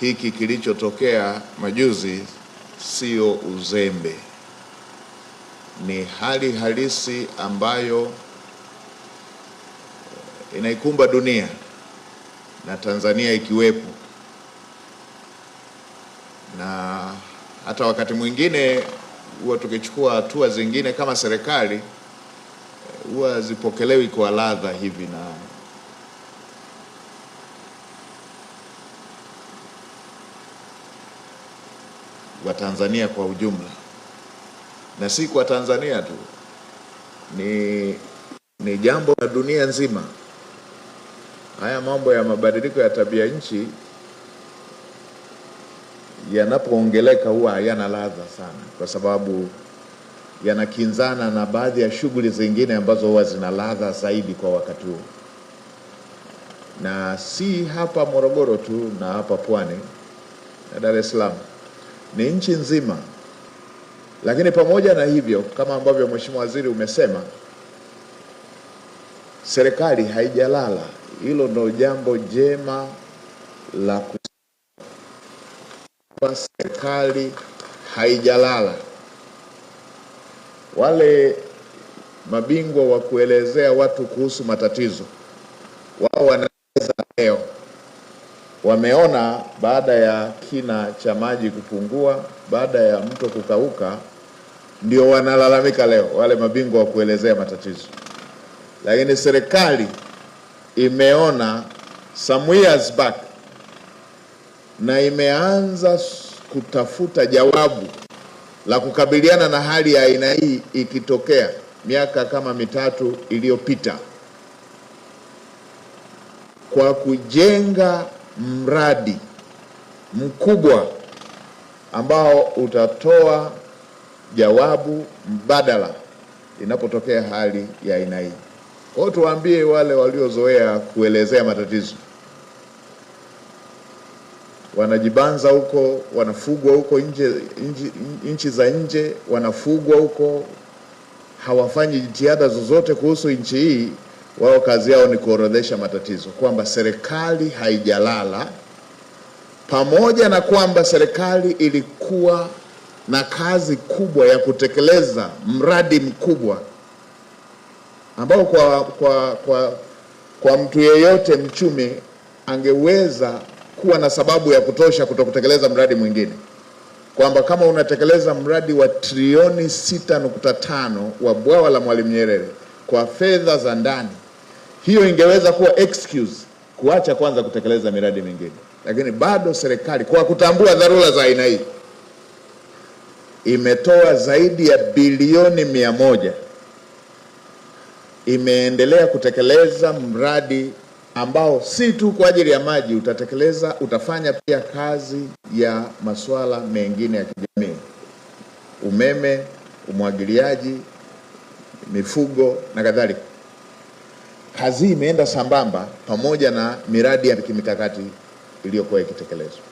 hiki kilichotokea majuzi sio uzembe, ni hali halisi ambayo eh, inaikumba dunia na Tanzania ikiwepo, na hata wakati mwingine huwa tukichukua hatua zingine kama serikali eh, huwa zipokelewi kwa ladha hivi na Watanzania kwa ujumla, na si kwa Tanzania tu, ni, ni jambo la dunia nzima. Haya mambo ya mabadiliko ya tabia nchi yanapoongeleka huwa hayana ladha sana, kwa sababu yanakinzana na baadhi ya shughuli zingine ambazo huwa zina ladha zaidi kwa wakati huo na si hapa Morogoro tu, na hapa Pwani na Dar es Salaam ni nchi nzima. Lakini pamoja na hivyo, kama ambavyo Mheshimiwa Waziri umesema, serikali haijalala. Hilo ndo jambo jema la kwa serikali haijalala. Wale mabingwa wa kuelezea watu kuhusu matatizo wao wana wameona baada ya kina cha maji kupungua, baada ya mto kukauka, ndio wanalalamika leo wale mabingwa wa kuelezea matatizo. Lakini serikali imeona some years back na imeanza kutafuta jawabu la kukabiliana na hali ya aina hii ikitokea miaka kama mitatu iliyopita kwa kujenga mradi mkubwa ambao utatoa jawabu mbadala inapotokea hali ya aina hii. Kwa hiyo tuwaambie wale waliozoea kuelezea matatizo, wanajibanza huko, wanafugwa huko nje, nchi za nje, wanafugwa huko, hawafanyi jitihada zozote kuhusu nchi hii wao kazi yao ni kuorodhesha matatizo, kwamba serikali haijalala, pamoja na kwamba serikali ilikuwa na kazi kubwa ya kutekeleza mradi mkubwa ambao kwa, kwa, kwa, kwa mtu yeyote mchumi angeweza kuwa na sababu ya kutosha kutokutekeleza mradi mwingine, kwamba kama unatekeleza mradi wa trilioni 6.5 wa bwawa la Mwalimu Nyerere kwa fedha za ndani hiyo ingeweza kuwa excuse kuacha kwanza kutekeleza miradi mingine, lakini bado serikali kwa kutambua dharura za aina hii imetoa zaidi ya bilioni mia moja imeendelea kutekeleza mradi ambao si tu kwa ajili ya maji utatekeleza, utafanya pia kazi ya masuala mengine ya kijamii, umeme, umwagiliaji, mifugo na kadhalika kazi imeenda sambamba pamoja na miradi ya kimikakati iliyokuwa ikitekelezwa.